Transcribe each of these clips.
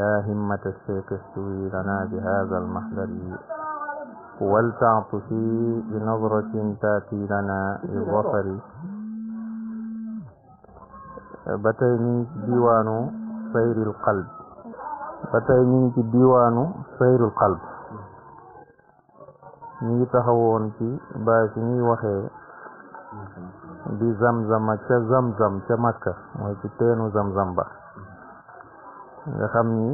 يا همة الشيخ السوي لنا بهذا المحضر ولتعطفي بنظرة تأتي لنا بالبصر بتيمين ديوان سير القلب بتيمين ديوان سير القلب ني تخوون في باش ني وخي بزمزم تزمزم تمكة ويكتينو زمزم بخ nga xam ni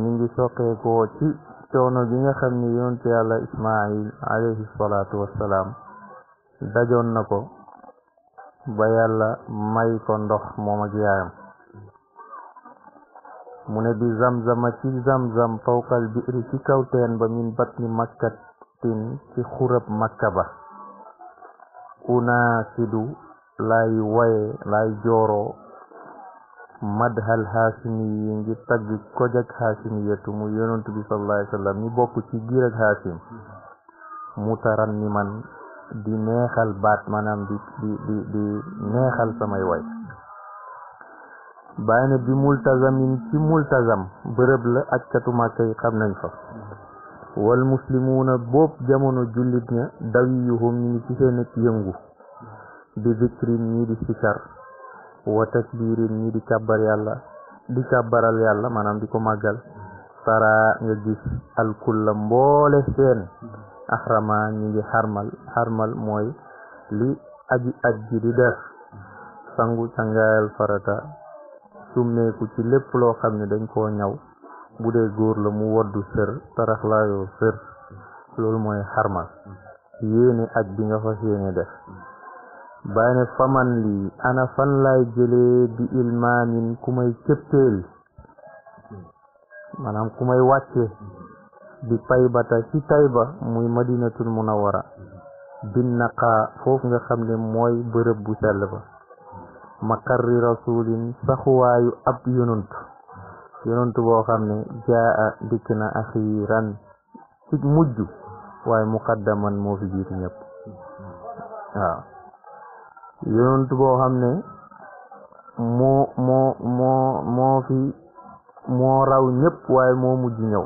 ñu ngi soqeekoo ci coono gi nga xam ni yonentu yàlla ismail alayhi salaatu wassalaam dajoon na ko ba yàlla may ko ndox moom ak mu ne bi zamzama ci zamzam fawqal bi'ri ci kaw teen ba min batni makkatin ci xurab makka ba unaasidu lay waye lay jooroo madhal haashimi yi ngi tagg koj ak yetu mu yonantu bi sallallahu alayhi wa bokk ci giir ak haashim mutaran ni man di neexal baat maanaam di di di neexal samay way bàyyi na bi multazamin ci multazam bërëb la ak catu màkka yi xam nañ fa wal muslimuuna boob jamono jullit ña dawiyuhum ñi ngi ci seen ak yëngu bi zikrin ñi di sikar wa takbirin ñi di kàbbar yàlla di kàbbaral yàlla maanaam di ko màggal tara nga gis alkulla mboole seen axrama ñi ngi xarmal xarmal mooy li aji aj di def sangu cangaayal farata summeeku ci lépp loo xam ne dañ koo ñaw bu dee góor la mu woddu sër taraxlaayoo sër loolu mooy xarmal yéene aj bi nga fas yéene def bàyyi ne faman lii ana fan laay bi ilmaamin ku may cëppeel maanaam ku may wàcce bi taybata ci tayba muy madinatul munawara binnaqaa foofu nga xam ne mooy bërëb bu sell ba maqarri rasulin saxuwaayu ab yonant yonant boo xam ne jaa a dikk na mujj waaye muqaddaman moo fi ñëpp waaw yonent boo xam ne moo moo moo fi moo raw ñëpp waaye moo mujj ñëw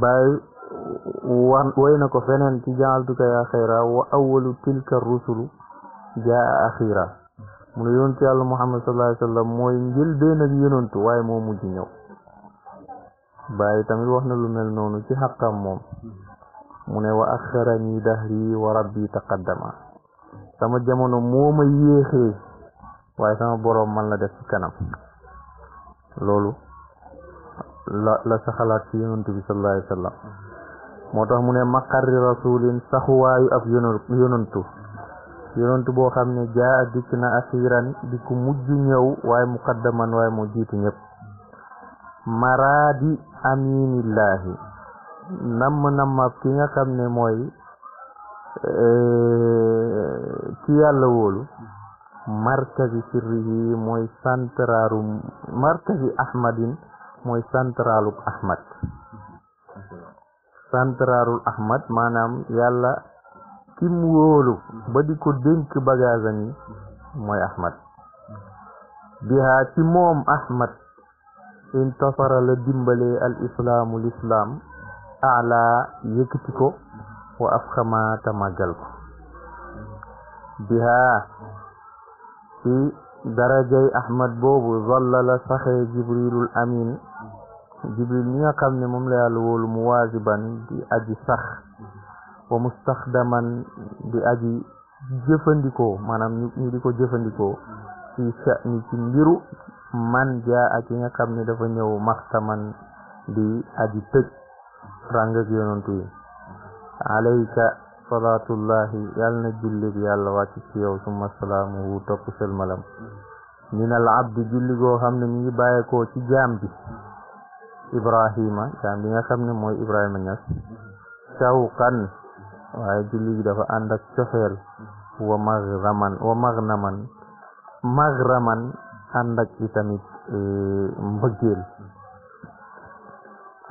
bàyyi wan way na ko feneen ci jaaltuka ya xayra wa awalu tilka rusulu jaa axira mu ne yonent yàlla muhammad sallallahu alayhi wasallam mooy njëlbeen ak waaye moo mujj ñëw bàyyi tamit wax na lu mel noonu ci xaqam moom mu ne wa axarani dahri wa rabbi taqaddama sama jamono moo ma yéexee waaye sama boroom man la def ci kanam loolu la la sa xalaat ci yonent bi sallallahu alayhi moo tax mu ne maqarri rasulin saxuwaayu ab yonantu yonantu boo xam ne jaa dikk na axiran di ku ñëw waaye muqaddaman waaye moo jiitu ñëpp maraadi aminillaahi namm nammab ki nga xam ne mooy Euh, ci yàlla woolu markazi sirrihi mooy santraaru markazi ahmadin mooy santraalub ahmad santraarul ahmad maanaam yàlla kim wóolu ba di ko dénk bagaasam yi mooy ahmad bihaa ci moom ahmad intasara la dimbalee al islaamu lislaam ala yëkkati ko wa af xamaa te màggal ko bihaa ci darajay ahmad boobu zallala saxee jibrilul amin jibril mi nga xam ne moom la yàlla wóolu mu waajiban di aji sax wa mustaxdaman di aji jëfandikoo maanaam ñu di ko jëfandikoo ci sha'ni ci mbiru man jaa ak yi nga xam ne dafa ñëw maxtaman di aji tëj ràng ak yonantu alayka salaatullahi yàlla na jullit yàlla wàcc ci yow summa salaamuhu topp sëlmalam minal abdi julli goo xam ne mi ngi bàyyeekoo ci jaam bi ibrahima jaam bi nga xam ne mooy ibrahima ñas shawqan waaye julli gi dafa ànd ak cofeel wa maghraman wa maghnaman maghraman ànd ak itamit eh, mbëggeel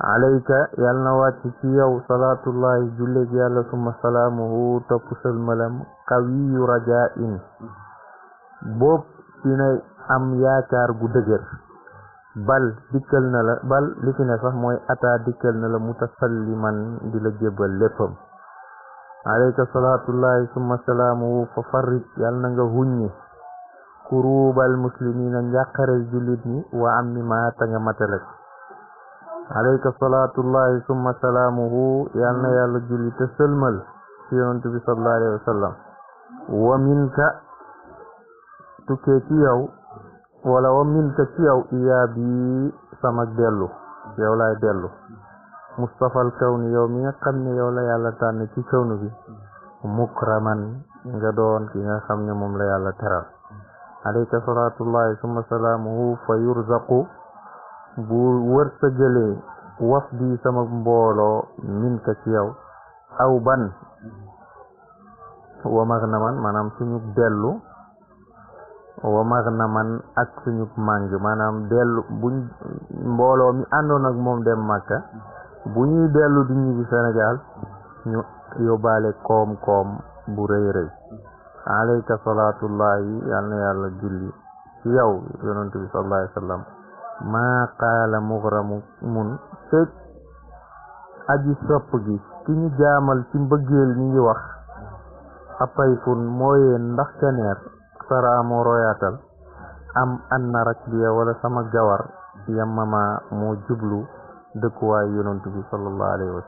alayka yàlla na wàcc ci yow salaatullahi julleeg yàlla suma salaamuhu topp sëlmalam qawiyu rajaa in boob dinay am yaakaar gu dëgër bal dikkal na la bal li sax mooy ataa dikkal na la mutasalliman di la jébbal léppam alayka salaatullahi summa salaamuhu fa farrit yàlla na nga huññi kuruubal muslimina njàqare jullit ñi wa am ni maa ta nga matale alayka salaatullahi summa salaamuhu yal na yàlla julli te sëlmal ci yonent bi sallallahu alayhi wa sallam minka tukkee ci yow wala wa minka ci yow iyaa bi dellu yow laay dellu mustafal kawni yow mi nga xam ne yow la yàlla tànn ci kawnu bi mukraman nga doon ki nga xam ne moom la yàlla teral alayka salaatullahi summa salaamuhu fa yurzaqu bu wërsëgalee waf bi sama mbooloo min ci yow aw ban wa mag na man maanaam suñu dellu wa na man ak suñu màng maanaam dellu buñ mbooloo mi àndoon ak moom dem Màkka bu ñuy dellu di ñibbi Sénégal ñu yóbbaale koom-koom bu rëy rëy alayka salaatullahi yal yàlla julli ci yow yonent bi sallallahu alayhi maa qaala mughramun fekk aji sopp gi ki ñu jaamal ci mbëggeel mi ngi wax apayfun mooyee ndax keneer saraamu royaatal am anna rakbiya wala sama gawar yamama moo jublu dëkkuwaay yonent bi sallallahu alayhi wa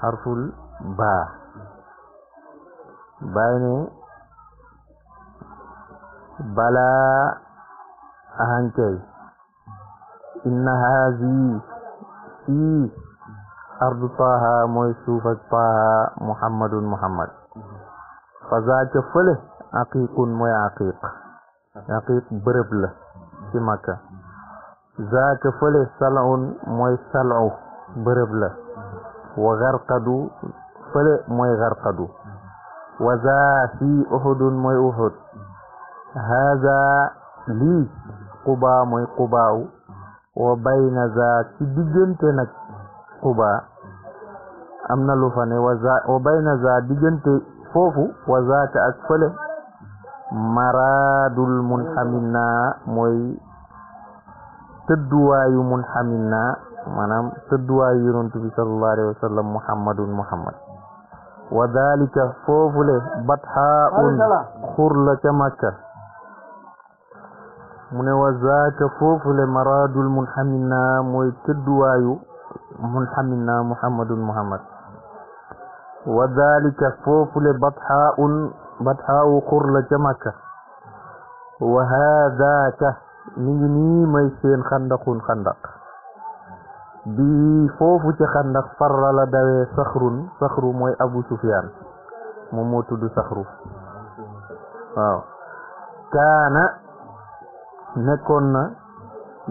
xarful baa bàyyi ne balaa أهانكي إن هذه في أرض طه موي طه محمد محمد فذاك فله عقيق موي عقيق عقيق بربل في مكة ذاك فله سلع موي سلع بربل وغرقدو فله موي غرقدو وذا في أحد موي أحد هذا لي xubaa mooy xubaawu wa bayna za diggante nag xubaa am na lu fa wa za wa za diggante foofu wa zaaka ak fële maraadul munxamina mooy tëdduwaayu munxamina maanaam tëdduwaayu yonent bi sallallahu alayhi wa sallam muhammadun muhammad wa dalika foofule batxaa un xur la makka mu ne wa zaaka foofule maradul munhamina mooy tëdduwaayu munhamina muhammadun muhammad wa dalika foofule batxaaun batxaawu xur la ca makka wa haadaaka mi ngi nii may seen xandaqun xandaq bii foofu ci xandaq farra la dawee saxrun mooy abu sufyaan moom moo tudd kaana nekkoon na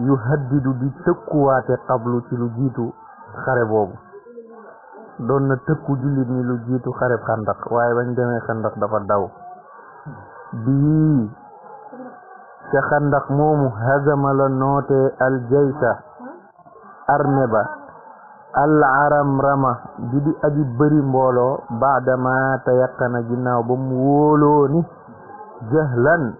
yu haddidu di tëkkuwaate xablu ci lu jiitu xare boobu doon na tëkku jullit ñi lu jiitu xareb xandak waaye bañ demee xandak dafa daw bii ca xandak moomu hazama noote aljaysa arme ba al aram rama bi di aji bëri mbooloo baadama tayaqana ginnaaw ba mu wóoloo ni jahlan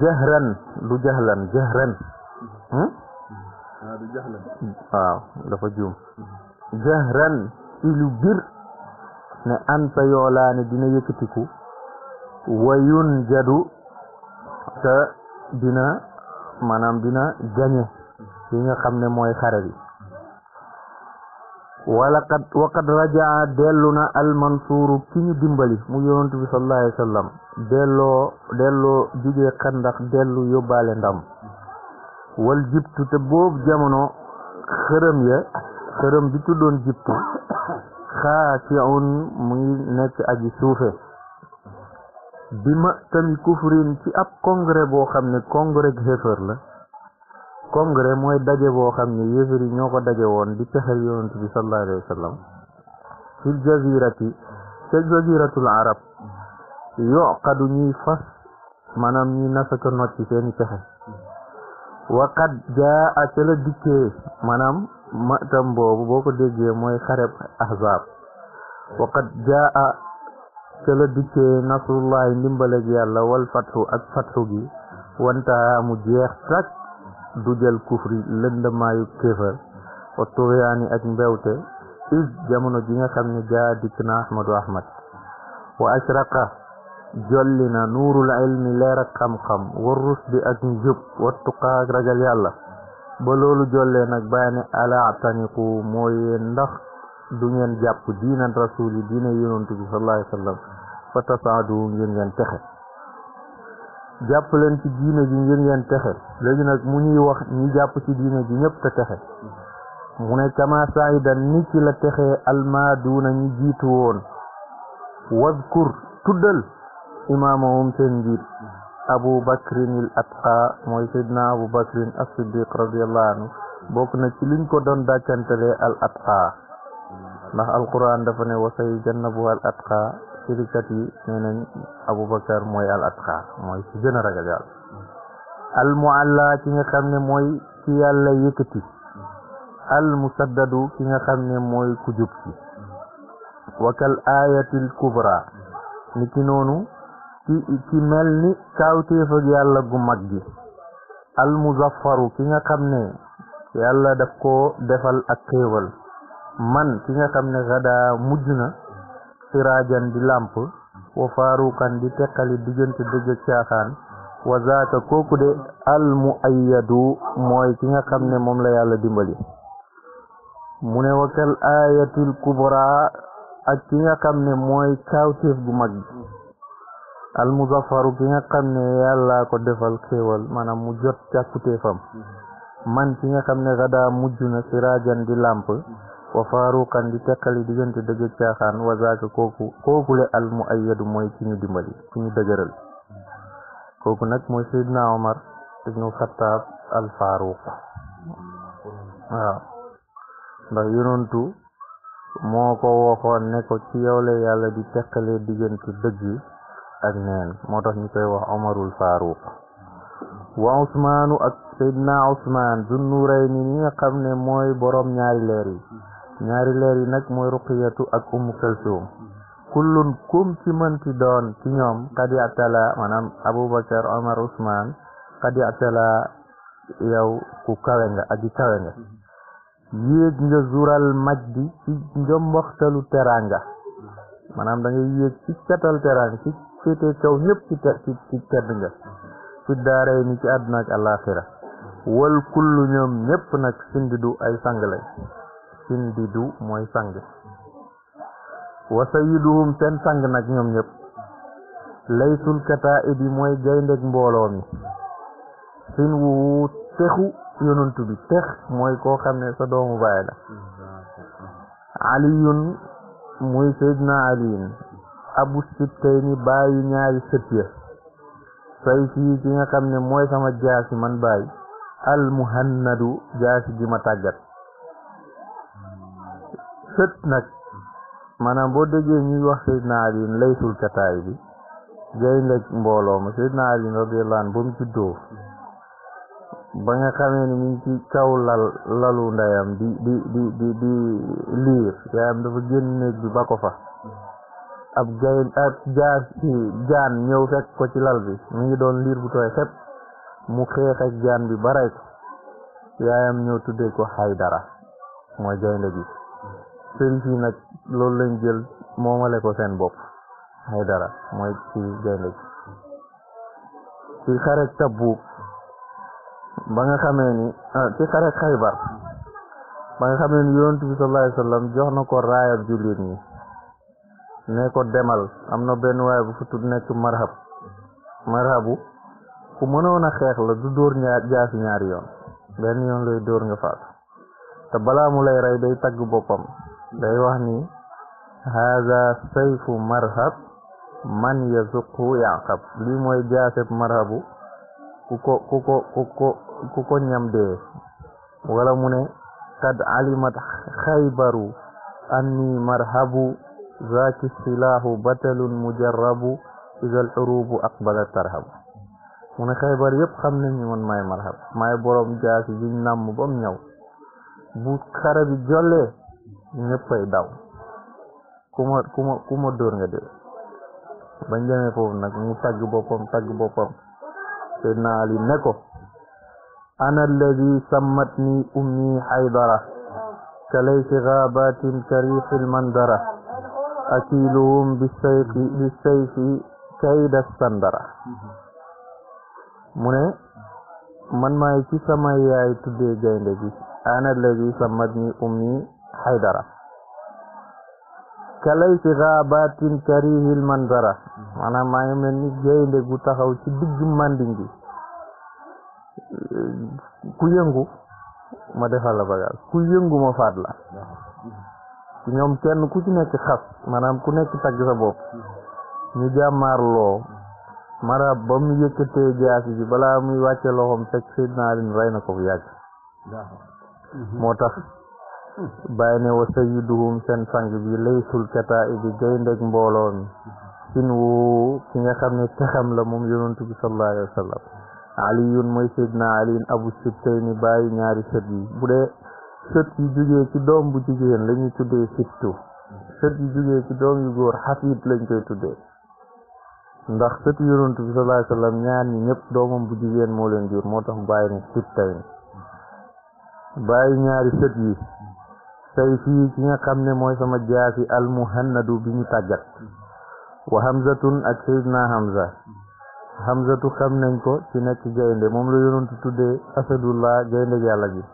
jahran du jahlan jahran du hmm? ah, jahlan waaw dafa juum jahran ci lu bir ne anta yoolaani dina yëkkatiku wayun jadu te dina maanaam dina gañe yi nga xam ne mooy xare bi wala qad wa rajaa dellu na almansuuru ki ñu dimbali mu yonent bi sallallahu alayhi wa delloo delloo jugee xandax dellu yóbbaale ndam wal jibtu te boobu jamono xërëm ya xërëm bi tuddoon jibtu xaasiun mu ngi nekk aji suufe bi ma tami kufrin ci ab congrès boo xam ne congrès xéefar la congrès mooy daje boo xam ne yéefar ñoo ko daje woon di pexeel yonent bi sallallahu alayhi wa sallam fil jazirati ca jaziratul arab yoqadu ñuy fas maanaam ñuy nasaka not seeni pexe waqat jaa a ca la dikkee maanaam matam boobu boo ko déggee mooy xareb ahzab waqat jaa a ca la dikkee nasrullahi ndimbaleg yàlla wal fatxu ak fatxu gi wanta mu jeex tak du jël kufri lëndëmaayu kéefër wa tuyaani ak mbewte is jamono ji nga xam ne jaa dikk na ahmadu ahmad wa ashraqa jolli na nuurul ilmi leer ak xam-xam war ak njub wa tuqaa ragal yàlla ba loolu jollee nag bàyyi ne ala taniqu ndax du ngeen jàpp diina rasuli diina yonent bi sallallahu fa tasaadu ngeen texe jàpp leen ci diine ji ngir ngeen texe léegi nag mu ñuy wax ñi jàpp ci diine ji ñëpp te texe mu ne kama saidan ni ci la texee almaaduuna ñi jiitu woon wadkur tuddal imaamahum seen njiit abu bakrin il atqa mooy seydna abu bakrin as-siddiq radiallahu anhu bokk na ci liñ ko doon dàkkantelee al atqa ndax alquran dafa ne wa say al atqa firikat yi nee nañ abubakar mooy al atqaa mooy ci gën a ragal yàlla al mualla ki nga xam ne mooy ci yàlla yëkkati al musaddadu ki nga xam ne mooy ku jub ci wakal ayatil kubra niki noonu ci mel ni kaawteef ak yàlla gu mag gi al muzaffaru ki nga xam ne yàlla daf ko defal ak xéewal man ki nga xam ne xadaa mujj na siraajan di làmp wa faaruqan di teqali diggante dëgg ak caaxaan wa zaaka kooku de al mu ayyadu mooy ki nga xam ne moom la yàlla dimbali mu ne wakal ayatil kubra ak ki nga xam ne mooy kaawteef gu mag bi al muzaffaru ki nga xam ne yàlla ko defal xéewal maanaam mu jot càkkuteefam man ki nga xam ne xadaa mujj na siraajan di làmp wa faaruqan di tekkali diggante dëgg ak caaxaan wa zaaka kooku kookule al mu ayyadu mooy ci ñu dimbali ci ñu dëgëral kooku nag mooy Seydina Omar ibnu Xattaab al Faaruq ci yow yàlla di tekkalee diggante dëgg ak neen moo ñu koy wax Omarul Faaruq wa Usmaanu ak Seydina Usmaan Zunnuurayni ñi nga xam ne mooy borom ñaari leer ñaari leer yi nag mooy ruqiyatu ak ummu kalsum kullun kum ci mënti doon ci ñoom xad yatala maanaam aboubacar omar ousmane xad yatala yow ku kawe nga aji kawe nga yéeg nga majdi ci njomboxtalu teranga maanaam da ngay yéeg ci catal teranga ci féete kaw ñëpp ci ci nga fi ni ci àdduna ak wal kullu ñoom ñëpp nag sindidu ay sang lañ sindidu mooy sang wa sayyiduhum seen sang nag ñoom ñëpp laytul kataa'ibi mooy gayndeg mbooloo mi sin wu texu yonent bi tex mooy koo xam ne sa doomu baay la aliyun muy seydna aliyin abu sibtayni baayu ñaari sët ya say fii ki nga xam ne mooy sama jaasi man baay al muhannadu jaasi ji ma tàggat sët nag maanaam boo déggee ñuy wax Seydina Ali laytul kataay bi gaynde mbooloo ma Seydina Ali radiyallahu anhu ba mu juddoo ba nga xamee ni mi ngi ci kaw lal lalu ndeyam di di di di liir yaayam dafa génn néeg bi ba ko fa ab gay ab jaan ñëw fekk ko ci lal bi mu ngi doon liir bu tooy xepp mu xeex ak jaan bi ba rey yaayam ñëw tuddee ko dara mooy gaynde gi sëriñ nag loolu lañ jël moomale ko seen bopp ay dara mooy ci gaynde ci xarek tabbu ba nga xamee ni ah, ci xarek xaybar ba nga xamee ni yonent bi sallallahu alayhi jox na ko raayab jullit ñi ne ko demal am na benn waay bu futu nekk marhab marhabu ku mënoon a xeex la du dóor ñaar jaasi ñaari yoon benn yoon lay dóor nga faatu te balaa mu lay rey day tagg boppam day wax ni hada sayfu marhab man yazuqu yaqab lii mooy jaaseb marhabu ku ko ku ko ku ko ku ko ñam dee wala mu ne qad alimat xaybaru anni marhabu zaki silaahu batalun mujarrabu idal xurubu aqbala tarhabu mu ne xaybar yëpp xam nañ ni marhab maay borom jaasi jiñ namm bam ñaw bu xare bi ñëppay daw ku ma ku ma nga dee bañ demee foofu nag mu tagg boppam tagg boppam Seydina Ali ne ko ana alladi sammat ni ummi haydara kalaysi gaabatin karihil mandara akiluhum bisayfi bisayfi kayda sandara mu ne man maay ci sama yaay tuddee gaynde gi ana alladi sammat ummi xaydara kalaysi xaabatin karihil manzara maanaam maa ngi mel ni gaynde gu taxaw ci digg manding gi ku yëngu ma defal la bagal ku yëngu ma faat la ñoom kenn ku ci nekk xas maanaam ku nekk tagg sa bopp ñu jàmmaarloo marab ba mu yëkkatee jaasi bi balaa muy wàcce loxoom fekk Seydina Alin rey na ko bu yàgg moo tax bàyyi ne wa sayyiduhum seen sang bi laysul kataa bi gayndeeg mbooloo mi sin wu ki nga xam ne texam la moom yonantu bi sallallahu alayhi wa sallam aliyun mooy sayyidina aliyin abu sibtayni bàyyi ñaari sët yi bu dee sët yi jugee ci doom bu jigéen la ñuy tuddee sibtu sët yi jugee ci doom yu góor xafiit lañ koy tuddee ndax sët yonantu bi sallallahu alayhi ñëpp doomam bu jigéen moo leen jur moo tax bàyyi ne sibtayni bàyyi ñaari sët yi say fii nga xam ne mooy sama jaasi almuhannadu bi ñu tàggat wa hamzatun ak sayidna hamza hamzatu xam nañ ko ci nekk gaynde moom la yonentu tudde asadullah gaynde yàlla gi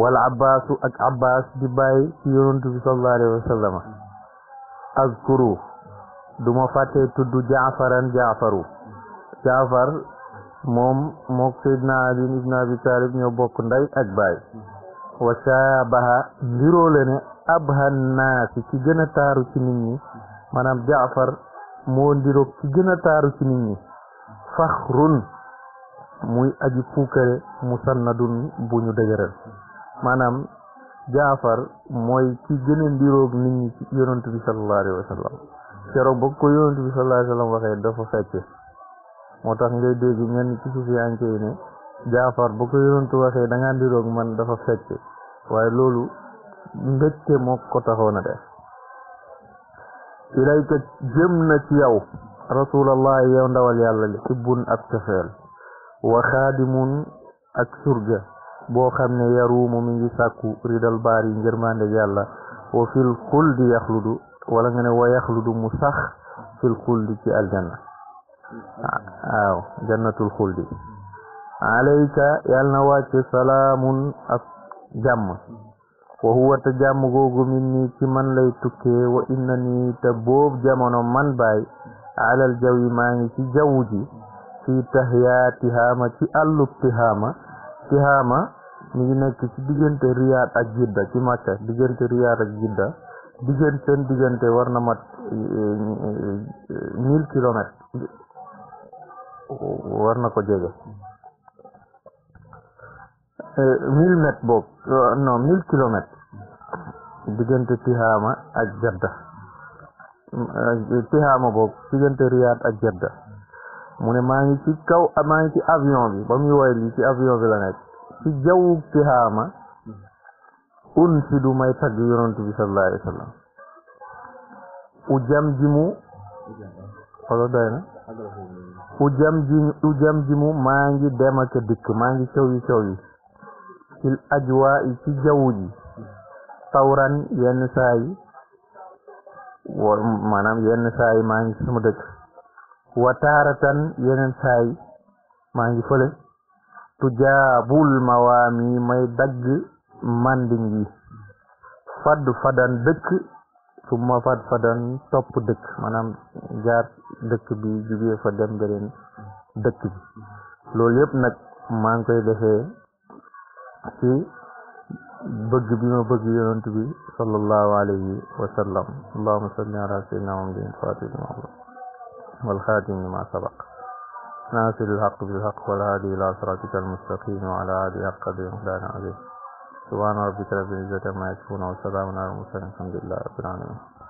wal abbaasu ak abbaas di bàyyi ci yonentu bi sallallahu alayhi wa azkuru du ma fàttee tudd jaafaran jaafaru jaafar moom mook sayidna ali ibn abi talib ñoo bokk ndey ak baay wa shaabaha ndiroole ne abhan naasi gën a taaru ci nit ñi maanaam jaafar moo ndiroog ki gën a taaru ci nit ñi faxrun muy aji puukare musannadun bu ñu dëgëral maanaam jaafar mooy ki gën a ndiroog nit ñi ci yonent bi sallallahu alayhi wa sallam ba ko yonent bi waxee dafa fecc moo tax ngay dégg ñenn ci sufiyanke yi ne jaafar ba ko yonent waxee da ngaa ndiroog man dafa fecc waaye loolu mbégte moo ko taxoon a def ilayka jëm ci yow rasulallah yow ndawal yàlla li xibbun ak cofeel wa xaadimun ak surga boo xam ne yaruumu mi ngi ridal baar yi njërmande yàlla wa fil xuldi yaxludu wala nga ne wa yaxludu mu sax fil xuldi ci aljanna waaw jannatul xuldi alayka yàlla na wàcc jàmm wa huwa te jàmm googu min nii ci man lay tukkee wa inna nii te boobu jamono man baay alal jaw yi maa ngi ci jaww ji fii tahyaa tihaama ci àllub tihaama tihaama mi ngi ci diggante riyaad ak jidda ci màkka diggante riyaad ak jidda diggante seen war na mat eh, eh, eh, mille kilomètres war na ko jege Euh, mille mètres boobu euh, non mille kilomètres diggante Tihaama ak Jadda euh, Tihaama boobu diggante Riyad ak Jadda mu ne maa ngi ci kaw maa ngi ci avion bi ba muy woy lii ci avion bi la nekk ci jawwu Tihaama un si du may tagg yonent bi sallallahu alayhi wa mu wala doy na mu maa ngi dem ak dikk maa ngi caw yi fil ajwaa yi ci jaww ji tawran yenn saa yi maanaam yenn saa yi maa ngi ci sama dëkk wa taaratan yeneen saa yi maa ngi fële tujaabul mawaami may dagg manding yi fadd fadan dëkk suma fad fadan topp dëkk maanaam jaar dëkk bi jugee fa dem dëkk bi loolu yëpp nag maa ngi koy defee ci bëgg bi ma bëgg yonent bi sallallahu alayhi wa sallam allahuma salli ala sayyidina muhammadin fatih al-ma'lum wal khatim ناصر الحق بالحق والهادي إلى صراطك المستقيم وعلى آله حق بمقدار عظيم سبحان ربك رب العزة عما يصفون وسلام على المرسلين الحمد لله رب العالمين